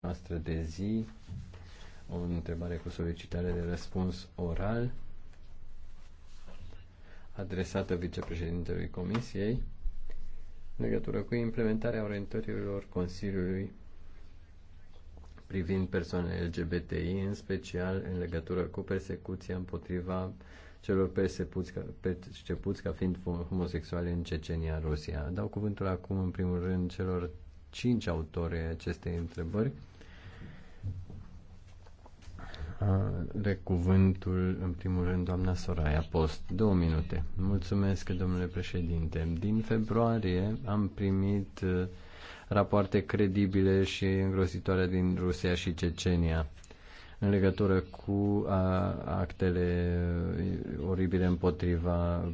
noastră de zi, o întrebare cu solicitare de răspuns oral adresată vicepreședintelui Comisiei în legătură cu implementarea orientărilor Consiliului privind persoanele LGBTI, în special în legătură cu persecuția împotriva celor persecuți ca, percepuți ca fiind homosexuali în Cecenia, Rusia. Dau cuvântul acum, în primul rând, celor cinci autori acestei întrebări de cuvântul, în primul rând, doamna Soraya Post. Două minute. Mulțumesc, domnule președinte. Din februarie am primit rapoarte credibile și îngrozitoare din Rusia și Cecenia în legătură cu actele oribile împotriva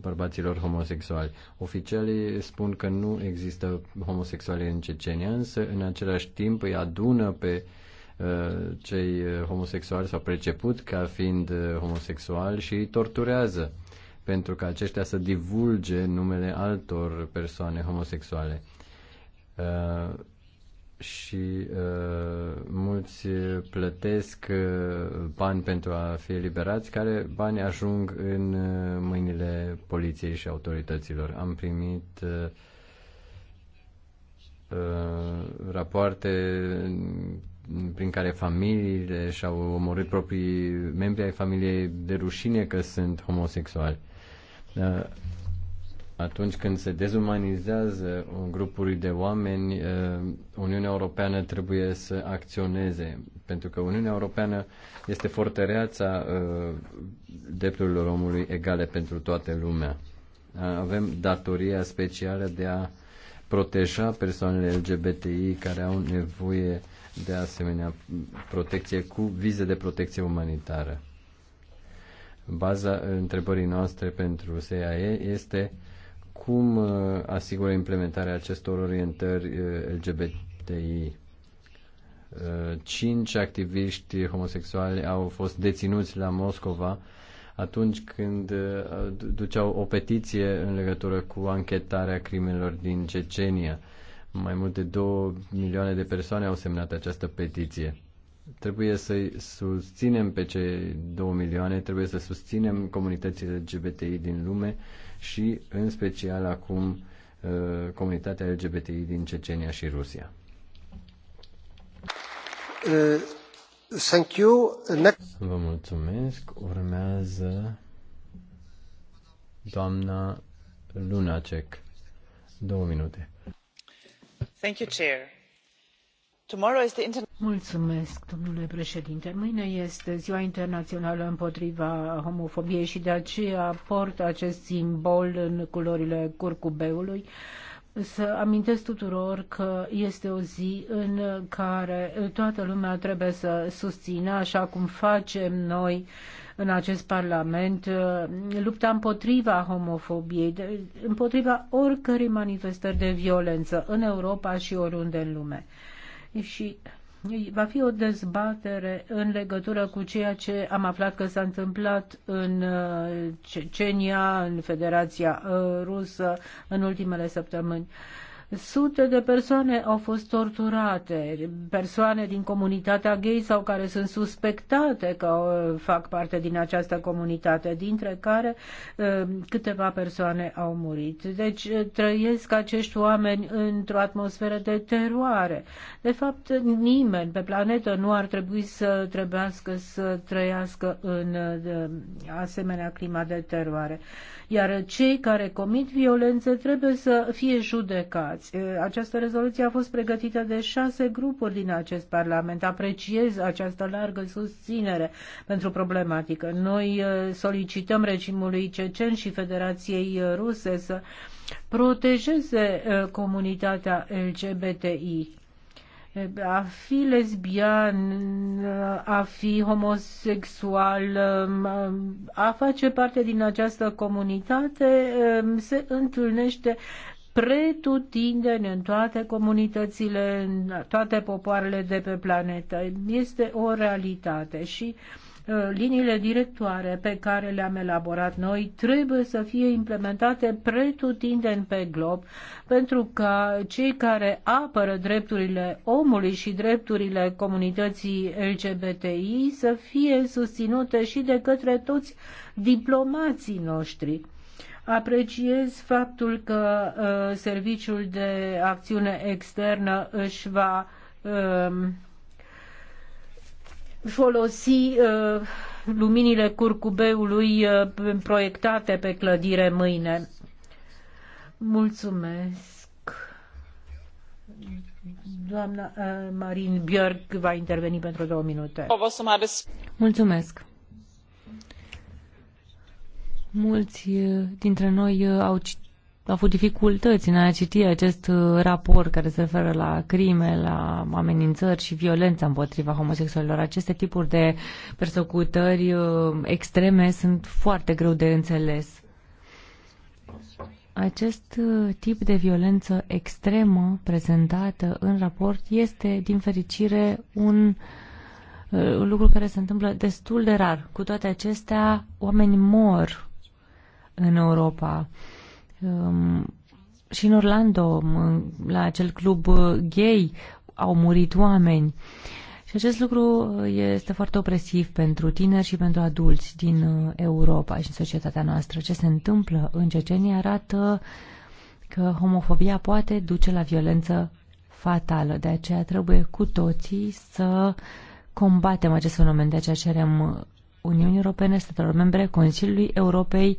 bărbaților homosexuali. Oficialii spun că nu există homosexuali în Cecenia, însă în același timp îi adună pe uh, Uh, cei uh, homosexuali s-au preceput ca fiind uh, homosexuali și îi torturează pentru ca aceștia să divulge numele altor persoane homosexuale. Uh, și uh, mulți plătesc uh, bani pentru a fi eliberați, care bani ajung în uh, mâinile poliției și autorităților. Am primit uh, rapoarte prin care familiile și-au omorât proprii membri ai familiei de rușine că sunt homosexuali. Atunci când se dezumanizează grupuri de oameni, uh, Uniunea Europeană trebuie să acționeze, pentru că Uniunea Europeană este fortăreața uh, drepturilor omului egale pentru toată lumea. Avem datoria specială de a proteja persoanele LGBTI care au nevoie de asemenea protecție cu vize de protecție umanitară. Baza întrebării noastre pentru SEAE este cum uh, asigură implementarea acestor orientări uh, LGBTI. Uh, cinci activiști homosexuali au fost deținuți la Moscova atunci când uh, duceau o petiție în legătură cu anchetarea crimelor din Cecenia. Mai mult de 2 milioane de persoane au semnat această petiție. Trebuie să susținem pe cei 2 milioane, trebuie să susținem comunitățile LGBTI din lume și, în special, acum uh, comunitatea LGBTI din Cecenia și Rusia. Uh Thank you. Next... Vă mulțumesc. Urmează doamna Lunacek. Două minute. Thank you, Chair. Tomorrow is the Inter- Mulțumesc, domnule președinte. Mâine este Ziua Internațională împotriva homofobiei și de aceea port acest simbol în culorile curcubeului. Uh, să amintesc tuturor că este o zi în care toată lumea trebuie să susțină, așa cum facem noi în acest Parlament, lupta împotriva homofobiei, împotriva oricărei manifestări de violență în Europa și oriunde în lume. Și va fi o dezbatere în legătură cu ceea ce am aflat că s-a întâmplat în uh, Cecenia, în Federația uh, Rusă, în ultimele săptămâni. Sute de persoane au fost torturate, persoane din comunitatea gay sau care sunt suspectate că uh, fac parte din această comunitate, dintre care uh, câteva persoane au murit. Deci uh, trăiesc acești oameni într-o atmosferă de teroare. De fapt, nimeni pe planetă nu ar trebui să trebuiască să trăiască în asemenea clima de teroare. Iar cei care comit violențe trebuie să fie judecați implicați. Această rezoluție a fost pregătită de șase grupuri din acest Parlament. Apreciez această largă susținere pentru problematică. Noi solicităm regimului Cecen și Federației Ruse să protejeze comunitatea LGBTI a fi lesbian, a fi homosexual, a face parte din această comunitate se întâlnește pretutindeni în toate comunitățile, în toate popoarele de pe planetă. Este o realitate și uh, liniile directoare pe care le-am elaborat noi trebuie să fie implementate pretutindeni pe glob pentru ca cei care apără drepturile omului și drepturile comunității LGBTI să fie susținute și de către toți diplomații noștri Apreciez faptul că uh, Serviciul de Acțiune Externă își va uh, folosi uh, luminile curcubeului uh, proiectate pe clădire mâine. Mulțumesc. Doamna uh, Marin Björk va interveni pentru două minute. Mulțumesc. Mulți eh, dintre noi eh, au, au avut dificultăți în a citi acest eh, raport care se referă la crime, la amenințări și violența împotriva homosexualilor. Aceste tipuri de persecutări extreme sunt foarte greu de înțeles. Acest tip de violență extremă prezentată în raport este, din fericire, un lucru care se întâmplă destul de rar. Cu toate acestea, oamenii mor în Europa. Um, și în Orlando, la acel club uh, gay, au murit oameni. Și acest lucru uh, este foarte opresiv pentru tineri și pentru adulți din uh, Europa și în societatea noastră. Ce se întâmplă în Cecenia arată că homofobia poate duce la violență fatală. De aceea trebuie cu toții să combatem acest fenomen. De aceea cerem Uniunii Europene, statelor membre, Consiliului Europei, uh,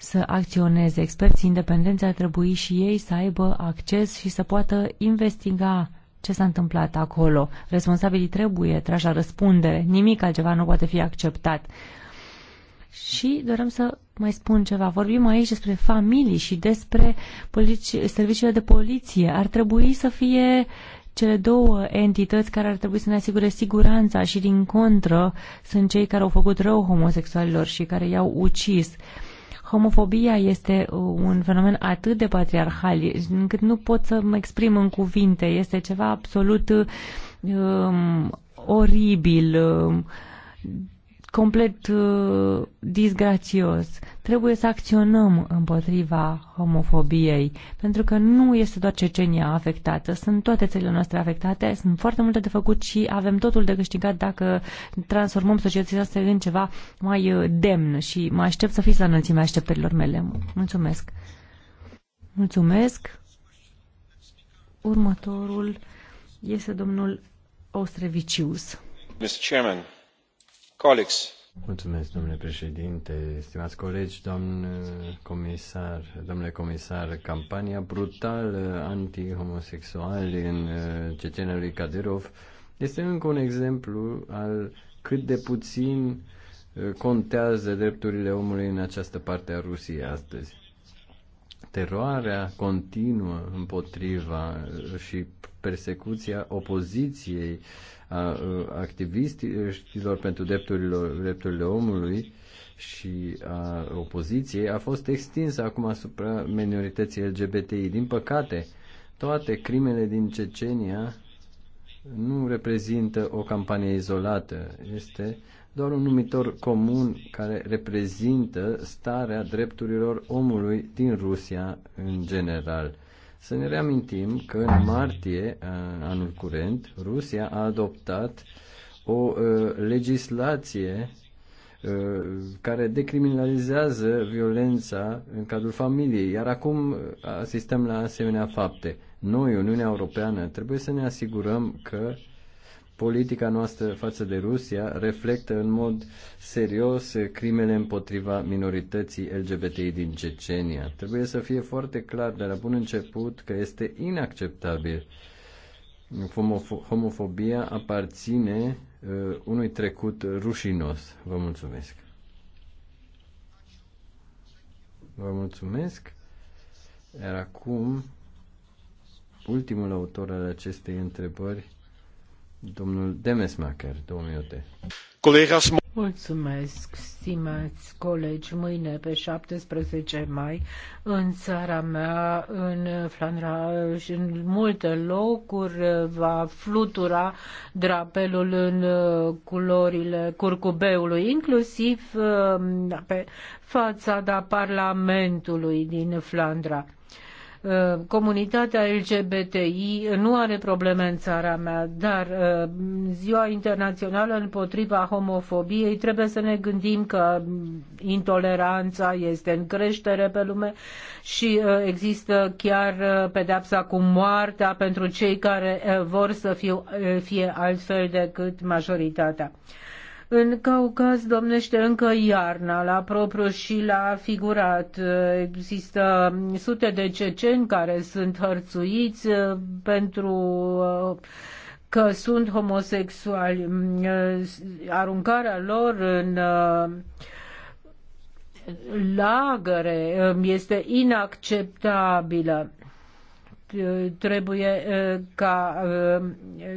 să acționeze. Experții independenți ar trebui și ei să aibă acces și să poată investiga ce s-a întâmplat acolo. Responsabilii trebuie trași la răspundere. Nimic altceva nu poate fi acceptat. Și dorem să mai spun ceva. Vorbim aici despre familii și despre polici, serviciile de poliție. Ar trebui să fie cele două entități care ar trebui să ne asigure siguranța și din contră sunt cei care au făcut rău homosexualilor și care i-au ucis. Uh, homofobia este uh, un fenomen atât de patriarhal încât nu pot să mă exprim în cuvinte. Este ceva absolut uh, um, oribil. Um, complet uh, disgrațios. Trebuie să acționăm împotriva homofobiei, pentru că nu este doar Cecenia afectată, sunt toate țările noastre afectate, sunt foarte multe de făcut și avem totul de câștigat dacă transformăm societatea asta în ceva mai uh, demn și mă aștept să fiți la înălțimea așteptărilor mele. Mulțumesc! Mulțumesc! Următorul este domnul Ostrevicius. Mr. Chairman, Mulțumesc, domnule președinte, stimați colegi, domnule comisar, domnule comisar, campania brutală anti homosexuală în uh, cecenia lui Kadyrov este încă un exemplu al cât de puțin uh, contează drepturile omului în această parte a Rusiei astăzi teroarea continuă împotriva și persecuția opoziției a activiștilor pentru drepturile, drepturile omului și a opoziției a fost extinsă acum asupra minorității LGBTI. Din păcate, toate crimele din Cecenia nu reprezintă o campanie izolată. Este uh, doar un numitor comun care reprezintă starea drepturilor omului din Rusia în general. Să ne reamintim că în martie anul curent, Rusia a adoptat o uh, legislație care decriminalizează violența în cadrul familiei, iar acum asistăm la asemenea fapte. Noi, Uniunea Europeană, trebuie să ne asigurăm că uh, politica noastră față de Rusia reflectă în mod serios crimele împotriva minorității LGBTI din Cecenia. Trebuie să fie foarte clar de la bun început că este inacceptabil. Homofobia aparține uh, unui trecut rușinos. Vă mulțumesc. Vă mulțumesc. Iar acum, ultimul autor al acestei întrebări, Domnul Demesmacher, două minute. Colegas... Mulțumesc, stimați colegi. Mâine, pe 17 mai, în țara mea, în Flandra și în multe locuri, va flutura drapelul în culorile curcubeului, inclusiv uh, pe fațada Parlamentului din Flandra Uh, comunitatea LGBTI nu are probleme în țara mea, dar uh, Ziua Internațională împotriva homofobiei trebuie să ne gândim că intoleranța este în creștere pe lume și uh, există chiar pedepsa cu moartea pentru cei care vor să fie altfel decât majoritatea. În Caucaz domnește încă iarna, la propriu și la figurat. Există sute de ceceni care sunt hărțuiți uh, pentru uh, că sunt homosexuali. Uh, aruncarea lor în lagăre um, este inacceptabilă trebuie ca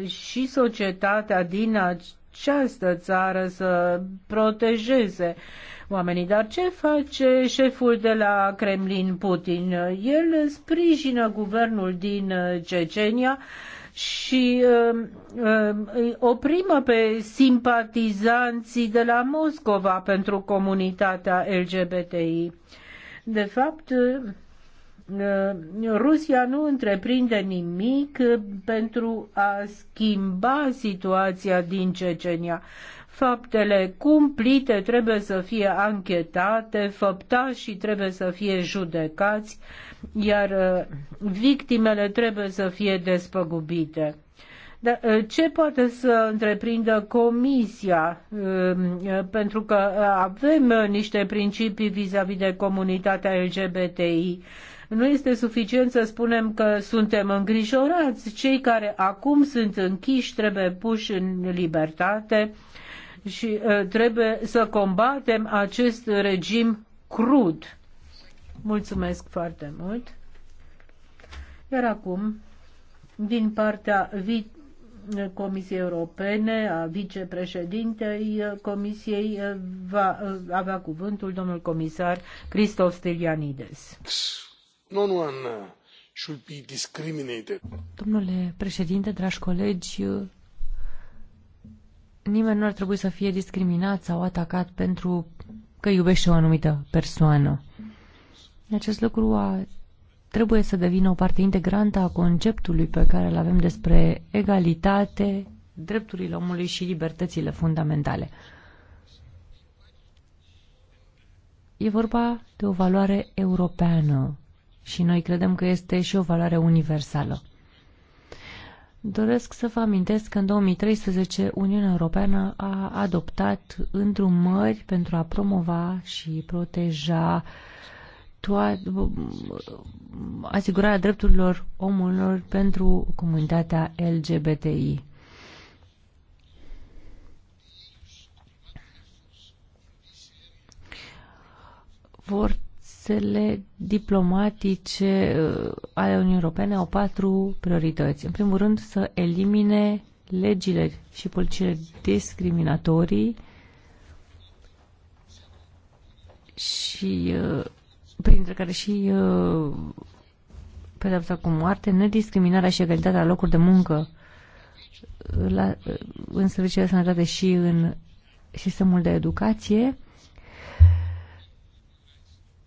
și societatea din această țară să protejeze oamenii. Dar ce face șeful de la Kremlin, Putin? El sprijină guvernul din uh, Cecenia și uh, oprimă pe simpatizanții de la Moscova pentru comunitatea LGBTI. De fapt, Uh, Rusia nu întreprinde nimic uh, pentru a schimba situația din Cecenia. Faptele cumplite trebuie să fie anchetate, făptașii trebuie să fie judecați, iar uh, victimele trebuie să fie despăgubite. Dar ce poate să întreprindă Comisia? Pentru că avem niște principii vis-a-vis -vis de comunitatea LGBTI nu este suficient să spunem că suntem îngrijorați. Cei care acum sunt închiși trebuie puși în libertate și uh, trebuie să combatem acest regim crud. Mulțumesc foarte mult. Iar acum, din partea vi- Comisiei Europene, a vicepreședintei uh, Comisiei, uh, va avea cuvântul domnul comisar Christoph Stylianides. Uh, Domnule președinte, dragi colegi, uh, nimeni nu ar trebui să fie discriminat sau atacat pentru că iubește o anumită persoană. Acest lucru a, trebuie să devină o parte integrantă a conceptului pe care îl avem despre egalitate, drepturile omului și libertățile fundamentale. E vorba de o valoare europeană și noi credem că este și o valoare universală. Doresc să vă amintesc că în 2013 Uniunea Europeană a adoptat îndrumări pentru a promova și proteja asigurarea drepturilor omului pentru comunitatea LGBTI. Vor Forțele diplomatice uh, ale Uniunii Europene au patru priorități. În primul rând, să elimine legile și politicile discriminatorii și uh, printre care și uh, pedepsa cu moarte, nediscriminarea și egalitatea locuri de muncă la, în serviciile de sănătate și în sistemul de educație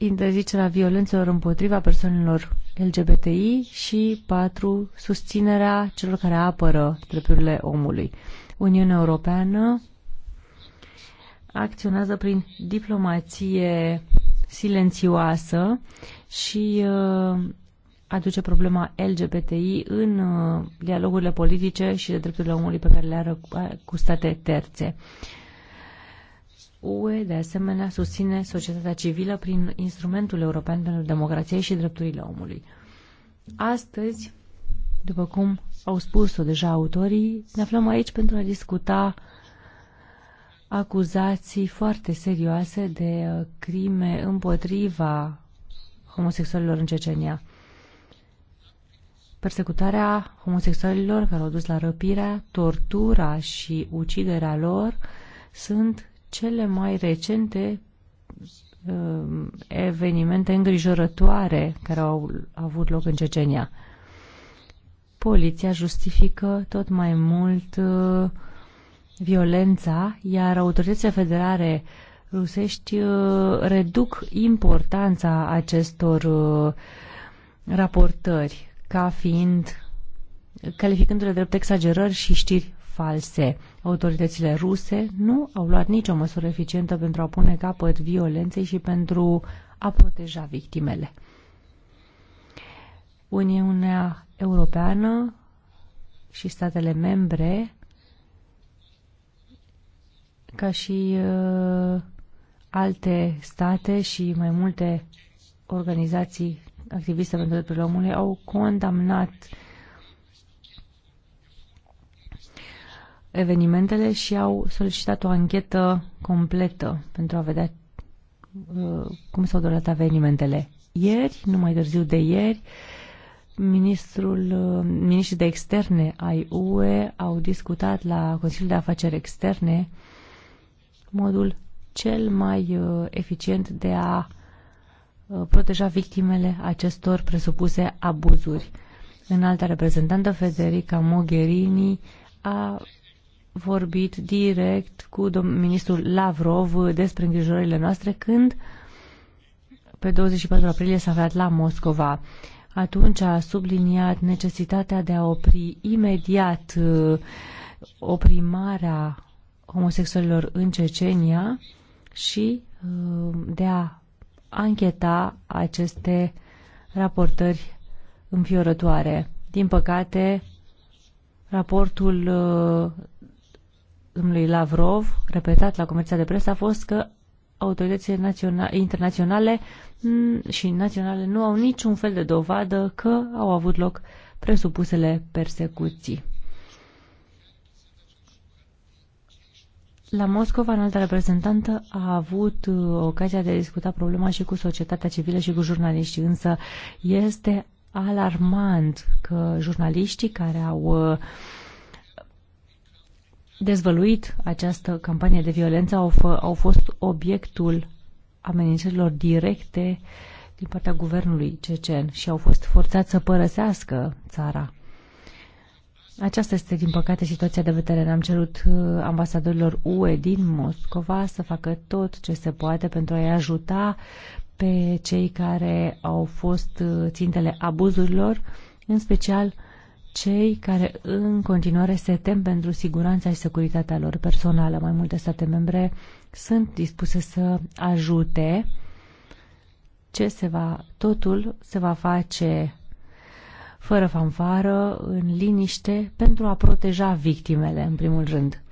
interzicerea violențelor împotriva persoanelor LGBTI și 4. susținerea celor care apără drepturile omului. Uniunea Europeană acționează prin diplomație silențioasă și uh, aduce problema LGBTI în uh, dialogurile politice și de drepturile omului pe care le are cu state terțe. Uh, UE, de asemenea, susține societatea civilă prin instrumentul european pentru democrație și drepturile omului. Astăzi, după cum au spus-o deja autorii, ne aflăm aici pentru a discuta acuzații foarte serioase de uh, crime împotriva homosexualilor în Cecenia. Persecutarea homosexualilor care au dus la răpirea, tortura și uciderea lor sunt cele mai recente um, evenimente îngrijorătoare care au avut loc în Cecenia. Poliția justifică tot mai mult uh, violența, iar autoritățile federale rusești uh, reduc importanța acestor uh, raportări ca fiind calificându-le drept exagerări și știri false autoritățile ruse nu au luat nicio măsură eficientă pentru a pune capăt violenței și pentru a proteja victimele. Uniunea Europeană și statele membre, ca și uh, alte state și mai multe organizații activiste pentru drepturile omului, au condamnat uh, evenimentele și au solicitat o anchetă completă pentru a vedea uh, cum s-au dorat evenimentele. Ieri, nu mai târziu de ieri, ministrul, uh, ministrii de externe ai UE au discutat la Consiliul de Afaceri Externe modul cel mai uh, eficient de a uh, proteja victimele acestor presupuse abuzuri. alta reprezentantă Federica Mogherini a vorbit direct cu ministrul Lavrov despre îngrijorările noastre când pe 24 aprilie s-a aflat la Moscova. Atunci a subliniat necesitatea de a opri imediat uh, oprimarea homosexualilor în Cecenia și uh, de a ancheta aceste raportări înfiorătoare. Din păcate, raportul uh, domnului Lavrov, repetat la conferința de Presă, a fost că autoritățile naționale, internaționale și naționale nu au niciun fel de dovadă că au avut loc presupusele persecuții. La Moscova, înalta reprezentantă a avut uh, ocazia de a discuta problema și cu societatea civilă și cu jurnaliștii, însă este alarmant că jurnaliștii care au uh, dezvăluit această campanie de violență au, au fost obiectul amenințărilor directe din partea guvernului cecen și au fost forțați să părăsească țara. Aceasta este, din păcate, situația de vedere. Am cerut uh, ambasadorilor UE din Moscova să facă tot ce se poate pentru a-i ajuta pe cei care au fost uh, țintele abuzurilor, în special cei care în continuare se tem pentru siguranța și securitatea lor personală. Mai multe state membre sunt dispuse să ajute. Ce se va, totul se va face fără fanfară, în liniște, pentru a proteja victimele, în primul rând.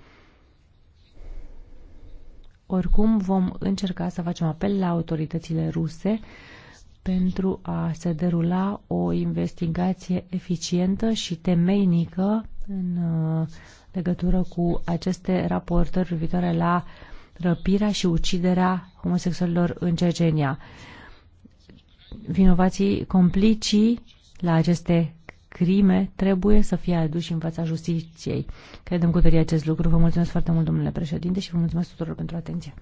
Oricum vom încerca să facem apel la autoritățile ruse pentru a se derula o investigație eficientă și temeinică în uh, legătură cu aceste raportări privitoare la răpirea și uciderea homosexualilor în Cecenia. Vinovații complicii la aceste crime trebuie să fie aduși în fața justiției. Credem cu tărie acest lucru. Vă mulțumesc foarte mult, domnule președinte, și vă mulțumesc tuturor pentru atenție.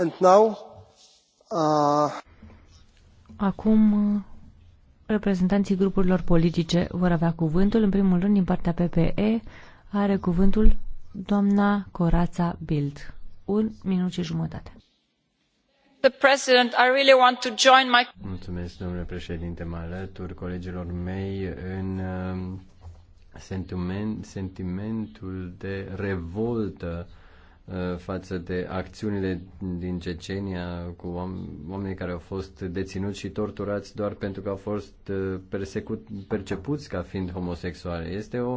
And now, uh... Acum, reprezentanții grupurilor politice vor avea cuvântul. În primul rând, din partea PPE, are cuvântul doamna Corața Bild. Un minut și jumătate. Really my... Mulțumesc, domnule președinte, mă alătur colegilor mei în uh, sentiment, sentimentul de revoltă Uh, față de acțiunile din Cecenia cu oamenii care au fost deținuți și torturați doar pentru că au fost uh, persecut, percepuți ca fiind homosexuale. Este o,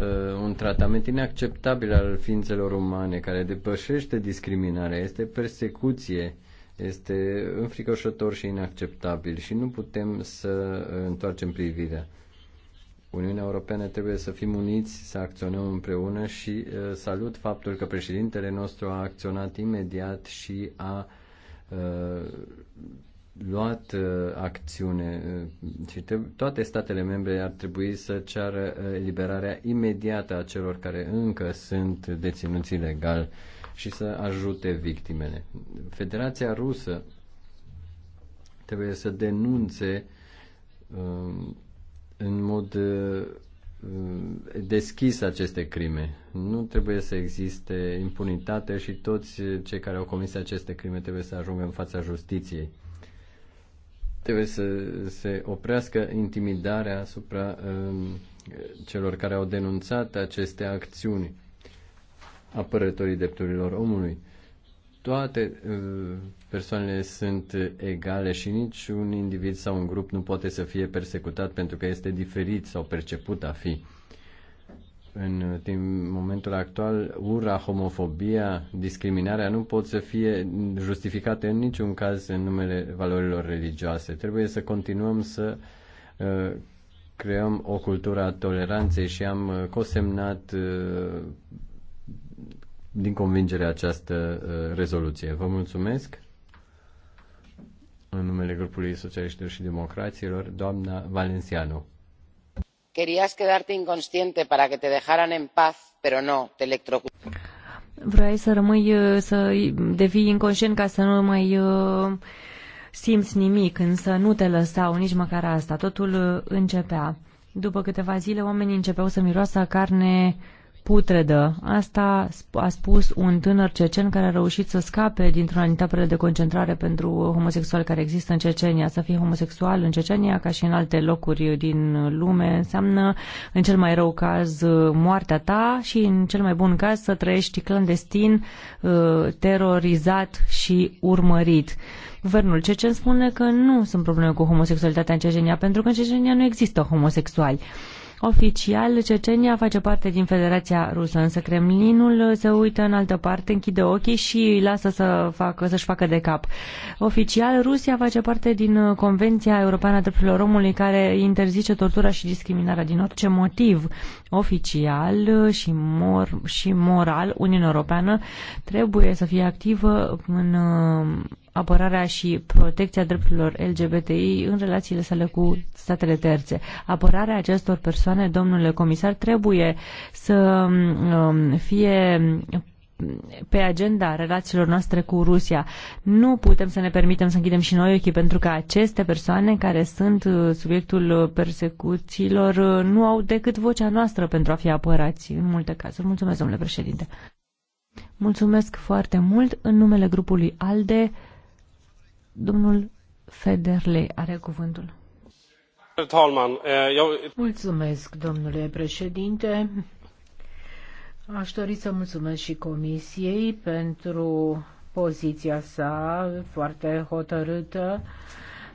uh, un tratament inacceptabil al ființelor umane care depășește discriminarea, este persecuție, este înfricoșător și inacceptabil și nu putem să întoarcem privirea. Uniunea Europeană trebuie să fim uniți, să acționăm împreună și uh, salut faptul că președintele nostru a acționat imediat și a uh, luat uh, acțiune uh, și toate statele membre ar trebui să ceară eliberarea imediată a celor care încă sunt deținuți ilegal și să ajute victimele. Federația Rusă trebuie să denunțe um, în mod uh, uh, deschis aceste crime. Nu trebuie să existe impunitate și toți cei care au comis aceste crime trebuie să ajungă în fața justiției. Trebuie să se oprească intimidarea asupra um, celor care au denunțat aceste acțiuni, apărătorii drepturilor omului toate uh, persoanele sunt egale și nici un individ sau un grup nu poate să fie persecutat pentru că este diferit sau perceput a fi. În timp, momentul actual, ura, homofobia, discriminarea nu pot să fie justificate în niciun caz în numele valorilor religioase. Trebuie să continuăm să uh, creăm o cultură a toleranței și am cosemnat uh, din convingere această uh, rezoluție. Vă mulțumesc în numele grupului socialiștilor și democraților, doamna Valenciano. Querías quedarte inconsciente para que te dejaran en paz, pero no, te electrocu. Vrei să rămâi, uh, să devii inconștient ca să nu mai uh, simți nimic, însă nu te lăsau nici măcar asta. Totul începea. După câteva zile, oamenii începeau să miroasă carne putredă. Asta a spus un tânăr cecen care a reușit să scape dintr o dintre de concentrare pentru homosexuali care există în Cecenia. Să fii homosexual în Cecenia, ca și în alte locuri din lume, înseamnă, în cel mai rău caz, moartea ta și, în cel mai bun caz, să trăiești clandestin, uh, terorizat și urmărit. Guvernul cecen spune că nu sunt probleme cu homosexualitatea în Cecenia, pentru că în Cecenia nu există homosexuali. Oficial, Cecenia face parte din Federația Rusă, însă Kremlinul se uită în altă parte, închide ochii și îi lasă să facă, să-și facă de cap. Oficial, Rusia face parte din Convenția Europeană a Drepturilor Omului care interzice tortura și discriminarea din orice motiv. Oficial și, mor, și moral, Uniunea Europeană trebuie să fie activă în apărarea și protecția drepturilor LGBTI în relațiile sale cu statele terțe. Apărarea acestor persoane, domnule comisar, trebuie să um, fie pe agenda relațiilor noastre cu Rusia. Nu putem să ne permitem să închidem și noi ochii pentru că aceste persoane care sunt uh, subiectul persecuțiilor uh, nu au decât vocea noastră pentru a fi apărați în multe cazuri. Mulțumesc, domnule președinte. Mulțumesc foarte mult în numele grupului ALDE. Domnul Federle are cuvântul. Eh, mulțumesc, domnule președinte. Aș dori să mulțumesc și Comisiei pentru poziția sa foarte hotărâtă,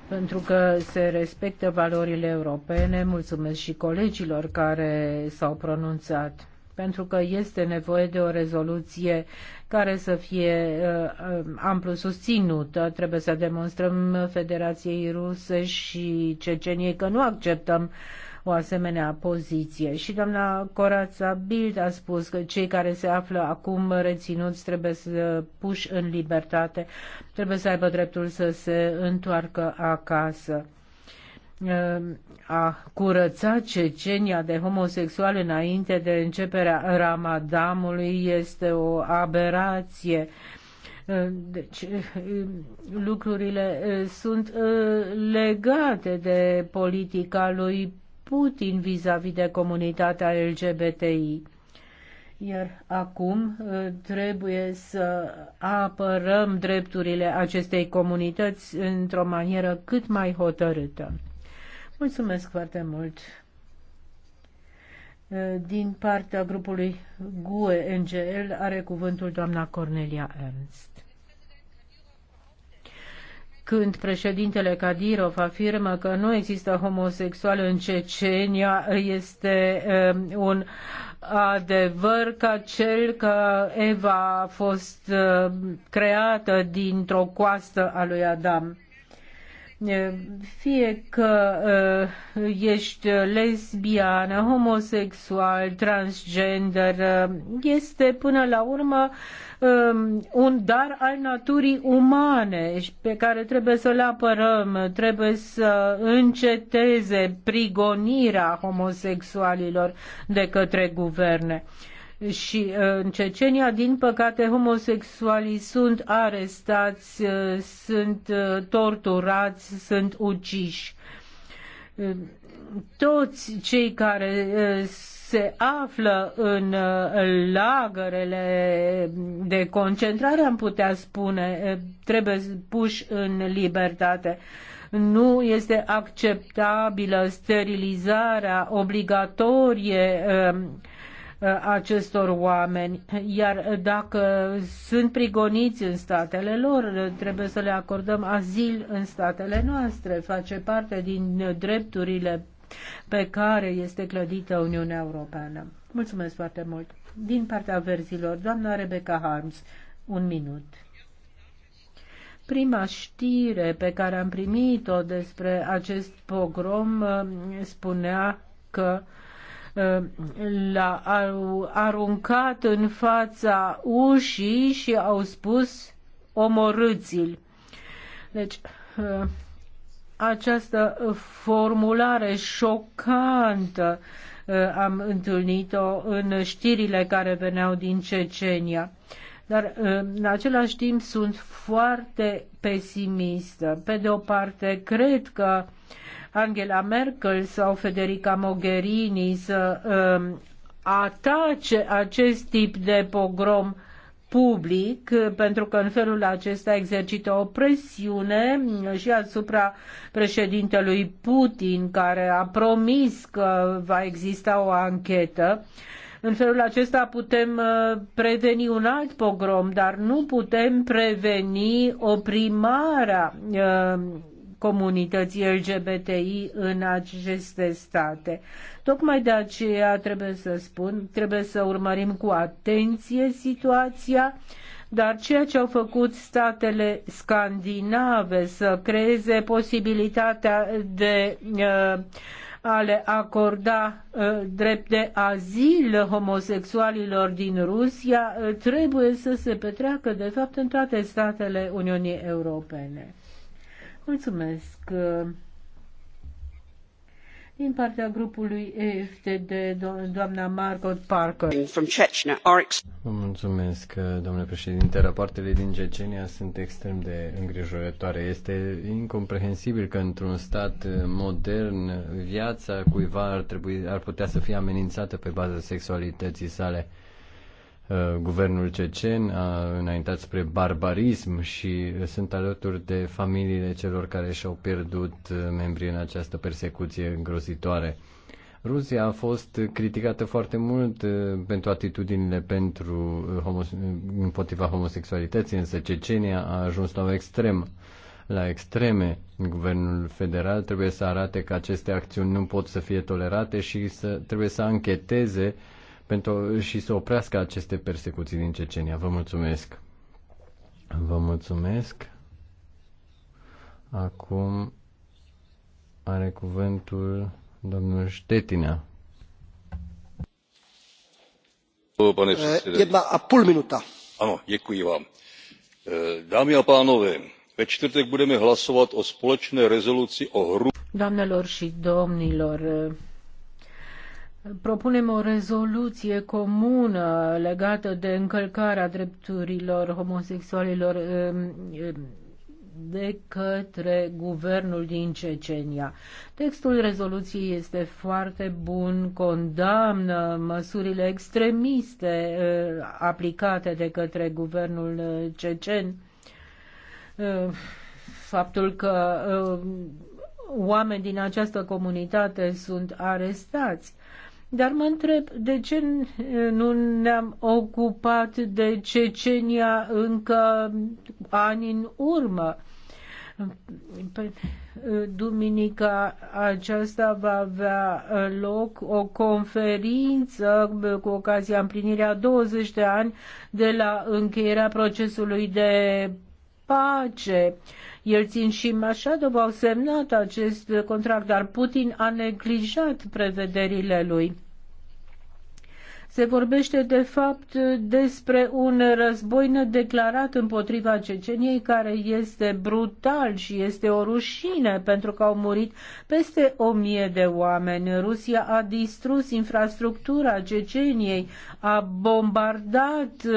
pentru că se respectă valorile europene. Mulțumesc și colegilor care s-au pronunțat pentru că este nevoie de o rezoluție care să fie uh, um, amplu susținută. Trebuie să demonstrăm Federației Ruse și Ceceniei că nu acceptăm o asemenea poziție. Și doamna Corața Bild a spus că cei care se află acum reținuți trebuie să puși în libertate, trebuie să aibă dreptul să se întoarcă acasă a curăța Cecenia de homosexuali înainte de începerea Ramadamului este o aberație. Uh, deci uh, lucrurile uh, sunt legate de politica lui Putin vis-a-vis -vis de comunitatea LGBTI. Iar acum trebuie să apărăm drepturile acestei comunități într-o manieră cât mai hotărâtă. Mulțumesc foarte mult. Din partea grupului GUE NGL are cuvântul doamna Cornelia Ernst. Când președintele Kadirov afirmă că nu există homosexual în Cecenia, este um, un adevăr ca cel că Eva a fost um, creată dintr-o coastă a lui Adam fie că uh, ești lesbiană, homosexual, transgender, uh, este până la urmă um, un dar al naturii umane pe care trebuie să-l apărăm, trebuie să înceteze prigonirea homosexualilor de către guverne și uh, în Cecenia, din păcate, homosexualii sunt arestați, uh, sunt uh, torturați, sunt uciși. Toți cei care se află în lagărele de concentrare, am putea spune, trebuie puși în libertate. Nu este acceptabilă sterilizarea obligatorie Uh, acestor oameni, iar dacă sunt prigoniți în statele lor, trebuie să le acordăm azil în statele noastre. Face parte din drepturile pe care este clădită Uniunea Europeană. Mulțumesc foarte mult. Din partea verzilor, doamna Rebecca Harms, un minut. Prima știre pe care am primit-o despre acest pogrom uh, spunea că uh, l au aruncat în fața ușii și au spus omorâți-l. Deci, uh, această formulare șocantă uh, am întâlnit-o în știrile care veneau din Cecenia. Dar uh, în același timp sunt foarte pesimistă. Pe de o parte, cred că uh, Angela Merkel sau Federica Mogherini să um, atace acest tip de pogrom public, pentru că în felul acesta exercită o presiune și asupra președintelui Putin, care a promis că va exista o anchetă. În felul acesta putem uh, preveni un alt pogrom, dar nu putem preveni oprimarea uh, comunității LGBTI în aceste state. Tocmai de aceea trebuie să spun, trebuie să urmărim cu atenție situația, dar ceea ce au făcut statele scandinave să creeze posibilitatea de uh, a le acorda uh, drept de azil homosexualilor din Rusia uh, trebuie să se petreacă, de fapt, în toate statele Uniunii Europene. Mulțumesc. Din partea grupului EFT de do- doamna Margot Parker. From Chechnya, are Mulțumesc, domnule președinte. Rapoartele din Cecenia sunt extrem de îngrijorătoare. Este incomprehensibil că într-un stat modern viața cuiva ar, trebui, ar putea să fie amenințată pe baza sexualității sale. Uh, guvernul cecen a înaintat spre barbarism și sunt alături de familiile celor care și-au pierdut uh, membrii în această persecuție îngrozitoare. Rusia a fost criticată foarte mult uh, pentru atitudinile pentru homos- împotriva homosexualității, însă Cecenia a ajuns la o extrem la extreme. Guvernul federal trebuie să arate că aceste acțiuni nu pot să fie tolerate și să, trebuie să ancheteze uh, pentru, și să oprească aceste persecuții din Cecenia. Vă mulțumesc. Vă mulțumesc. Acum are cuvântul domnul Ștetinea. Eh, jedna a půl minuta. Ano, děkuji vám. Eh, dámy a pánové, ve čtvrtek budeme hlasovat o společné rezoluci o hru. Doamnelor și domnilor, eh, propunem o rezoluție comună legată de încălcarea drepturilor homosexualilor um, um, de către guvernul din Cecenia. Textul rezoluției este foarte bun, condamnă măsurile extremiste uh, aplicate de către guvernul uh, cecen. Uh, faptul că oameni din această comunitate sunt arestați dar mă întreb de ce nu ne-am ocupat de Cecenia încă ani în urmă. Păi, duminica aceasta va avea loc o conferință cu ocazia împlinirea a 20 de ani de la încheierea procesului de pace Elțin și Mașadov au semnat acest contract, dar Putin a neglijat prevederile lui. Se vorbește de fapt despre un război nedeclarat împotriva Ceceniei care este brutal și este o rușine pentru că au murit peste o mie de oameni. Rusia a distrus infrastructura Ceceniei, a bombardat uh,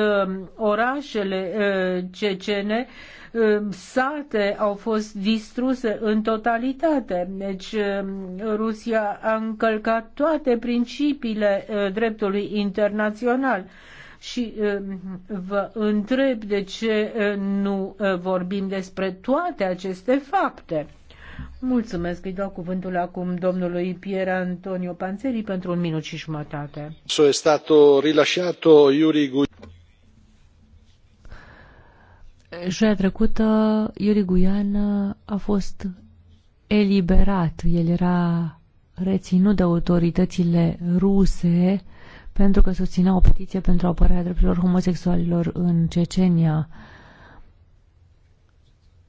orașele uh, cecene Ehm, sate au fost distruse în totalitate. Deci ehm, Rusia a încălcat toate principiile eh, dreptului internațional și ehm, vă întreb de ce eh, nu eh, vorbim despre toate aceste fapte. Mulțumesc, îi dau cuvântul acum domnului Pier Antonio Panzeri pentru un minut și jumătate. So è stato rilasciato Yuri Joia trecută, Iuri Guian a fost eliberat. El era reținut de autoritățile ruse pentru că susținea o petiție pentru apărarea drepturilor homosexualilor în Cecenia.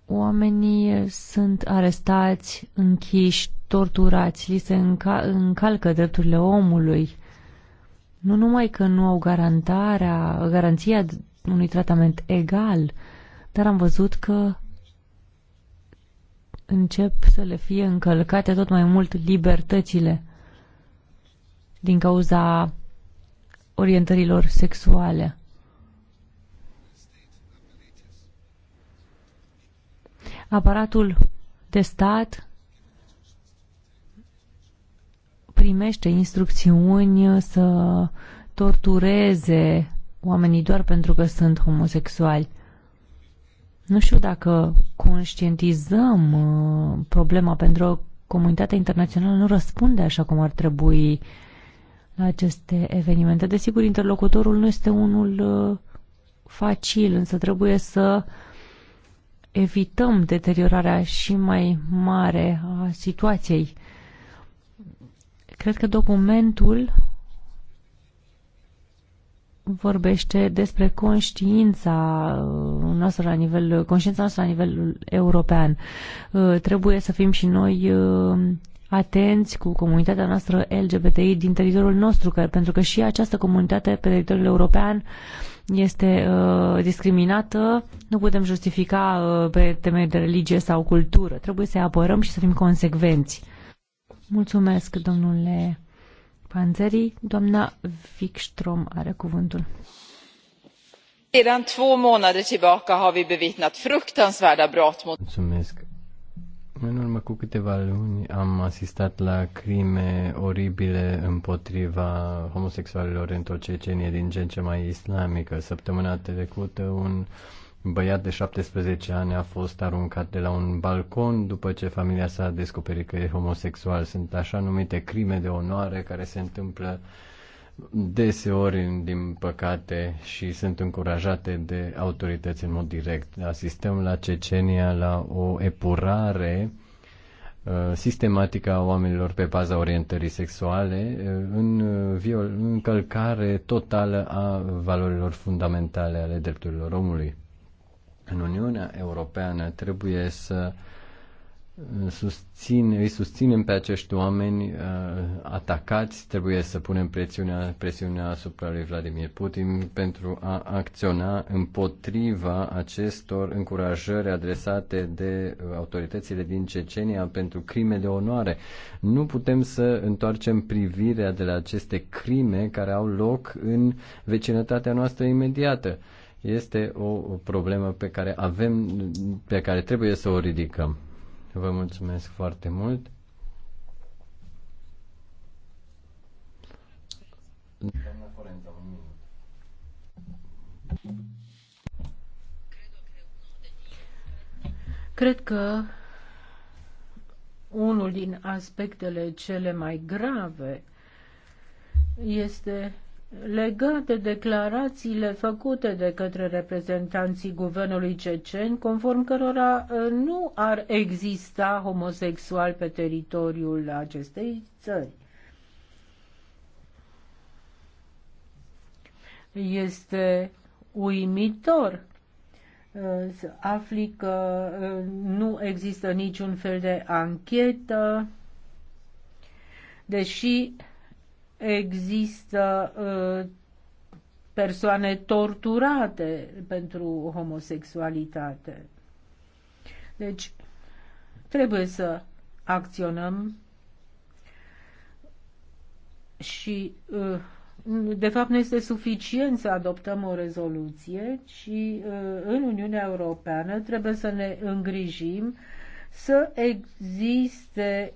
Oamenii sunt arestați, închiși, torturați, li se înca încalcă drepturile omului. Nu numai că nu au garantarea, garanția unui tratament egal, dar am văzut că încep să le fie încălcate tot mai mult libertățile din cauza orientărilor sexuale. Aparatul de stat primește instrucțiuni să tortureze oamenii doar pentru că sunt homosexuali. Nu știu dacă conștientizăm uh, problema pentru că comunitatea internațională nu răspunde așa cum ar trebui la aceste evenimente. Desigur, interlocutorul nu este unul uh, facil, însă trebuie să evităm deteriorarea și mai mare a situației. Cred că documentul vorbește despre conștiința uh, noastră la nivel, conștiința noastră la nivel european. Uh, trebuie să fim și noi uh, atenți cu comunitatea noastră LGBTI din teritoriul nostru, că, pentru că și această comunitate pe teritoriul european este uh, discriminată, nu putem justifica uh, pe teme de religie sau cultură. Trebuie să apărăm și să fim consecvenți. Mulțumesc, domnule panzerii. Doamna Wikström are cuvântul. Sedan två månader tillbaka har vi bevittnat fruktansvärda brott mot... Mulțumesc. În urmă cu câteva luni am asistat la crime oribile împotriva homosexualilor într-o Cecenie din ce în ce mai islamică. Săptămâna trecută un băiat de 17 ani a fost aruncat de la un balcon după ce familia s-a descoperit că e homosexual. Sunt așa numite crime de onoare care se întâmplă deseori, din păcate, și sunt încurajate de autorități în mod direct. Asistăm la Cecenia la o epurare uh, sistematică a oamenilor pe baza orientării sexuale uh, în uh, viol, încălcare totală a valorilor fundamentale ale drepturilor omului în Uniunea Europeană trebuie să uh, susțin, îi susținem pe acești oameni uh, atacați, trebuie să punem presiunea, presiunea asupra lui Vladimir Putin pentru a acționa împotriva acestor încurajări adresate de autoritățile din Cecenia pentru crime de onoare. Nu putem să întoarcem privirea de la aceste crime care au loc în vecinătatea noastră imediată. Uh, este o, o problemă pe care avem, pe care trebuie să o ridicăm. Vă mulțumesc foarte mult. Cred că unul din aspectele cele mai grave este legat de declarațiile făcute de către reprezentanții guvernului cecen, conform cărora uh, nu ar exista homosexual pe teritoriul acestei țări. Este uimitor uh, să afli că uh, nu există niciun fel de anchetă, deși există uh, persoane torturate pentru homosexualitate. Deci, trebuie să acționăm și, uh, de fapt, nu este suficient să adoptăm o rezoluție, ci uh, în Uniunea Europeană trebuie să ne îngrijim să existe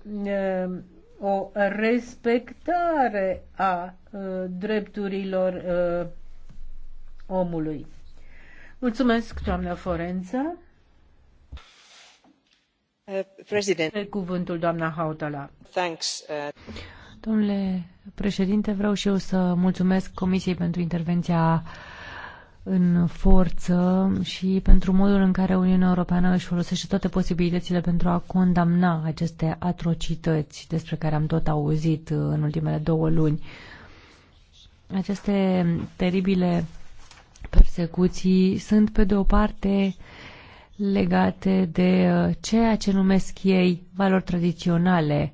o respectare a uh, drepturilor uh, omului. Mulțumesc, doamna Forența. Uh, președinte. Cuvântul doamna Hautala. Thanks. Domnule președinte, vreau și eu să mulțumesc Comisiei pentru intervenția uh, în forță și pentru modul în care Uniunea Europeană își folosește toate posibilitățile pentru a condamna aceste atrocități despre care am tot auzit uh, în ultimele două luni. Aceste teribile persecuții sunt, pe de o parte, legate de uh, ceea ce numesc ei valori tradiționale.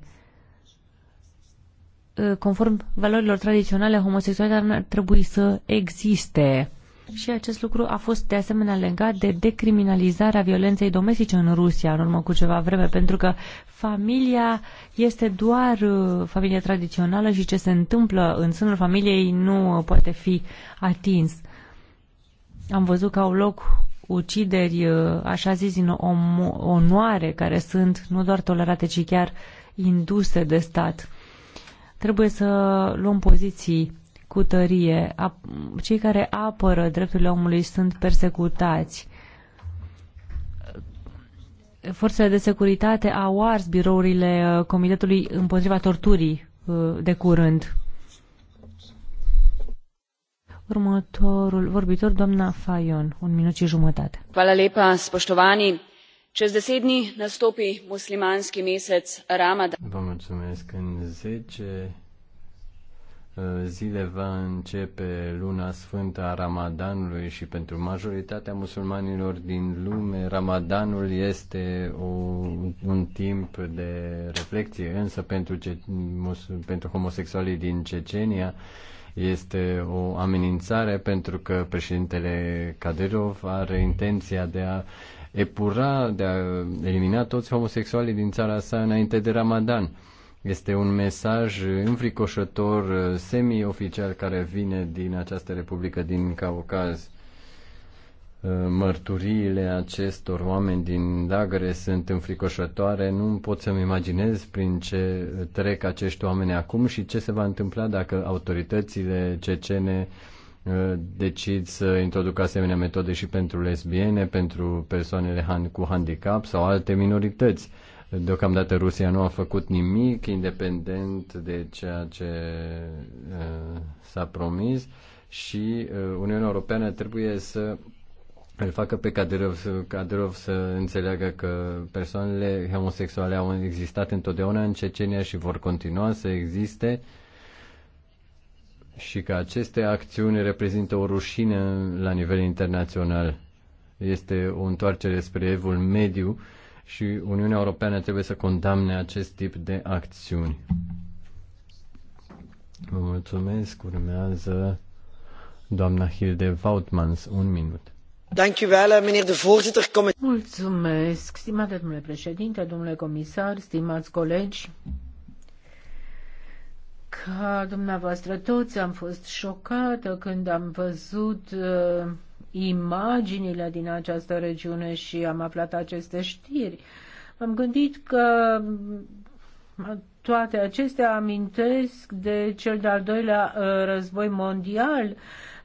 Uh, conform valorilor tradiționale, homosexualitatea ar trebui să existe și acest lucru a fost de asemenea legat de decriminalizarea violenței domestice în Rusia în urmă cu ceva vreme, pentru că familia este doar uh, familia tradițională și ce se întâmplă în sânul familiei nu uh, poate fi atins. Am văzut că au loc ucideri, uh, așa zis, în onoare, care sunt nu doar tolerate, ci chiar induse de stat. Trebuie să luăm poziții cu tărie. Cei care apără drepturile omului sunt persecutați. Forțele de securitate au ars birourile uh, Comitetului împotriva torturii uh, de curând. Următorul vorbitor, doamna Fayon, un minut și jumătate. Hvala lepa, spoștovanii. Čez deset dni nastopi muslimanski mesec Ramadan. Vă mulțumesc. În 10 Uh, zile va începe luna sfântă a Ramadanului și pentru majoritatea musulmanilor din lume, Ramadanul este o, un timp de reflexie, însă pentru, ce, pentru homosexualii din Cecenia este o amenințare pentru că președintele Kaderov are intenția de a epura, de a elimina toți homosexualii din țara sa înainte de Ramadan este un mesaj înfricoșător, uh, semi-oficial, care vine din această republică, din Caucaz. Uh, mărturiile acestor oameni din Dagre sunt înfricoșătoare. Nu pot să-mi imaginez prin ce trec acești oameni acum și ce se va întâmpla dacă autoritățile cecene uh, decid să introducă asemenea metode și pentru lesbiene, pentru persoanele cu handicap sau alte minorități Deocamdată Rusia nu a făcut nimic independent de ceea ce uh, s-a promis și uh, Uniunea Europeană trebuie să îl facă pe Kadyrov, Kadyrov să înțeleagă că persoanele homosexuale au existat întotdeauna în Cecenia și vor continua să existe și că aceste acțiuni reprezintă o rușine la nivel internațional. Este o întoarcere spre evul mediu uh, și Uniunea Europeană trebuie să condamne acest tip de acțiuni. Vă mulțumesc. Urmează doamna Hilde Vautmans. Un minut. Eh, mulțumesc, stimate domnule președinte, domnule comisar, stimați colegi. Ca dumneavoastră toți am fost șocată când am văzut uh, imaginile din această regiune și am aflat aceste știri. Am gândit că toate acestea amintesc de cel de-al doilea uh, război mondial.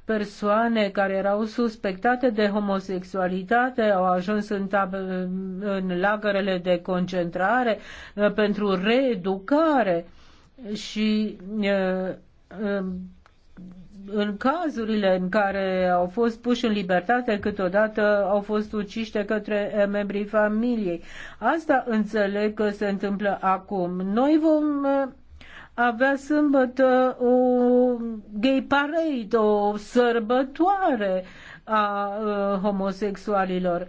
Persoane care erau suspectate de homosexualitate au ajuns în, tab- în lagărele de concentrare uh, pentru reeducare și uh, în cazurile în care au fost puși în libertate, câteodată au fost uciși de către eh, membrii familiei. Asta înțeleg că se întâmplă acum. Noi vom eh, avea sâmbătă o gay parade, o sărbătoare a eh, homosexualilor.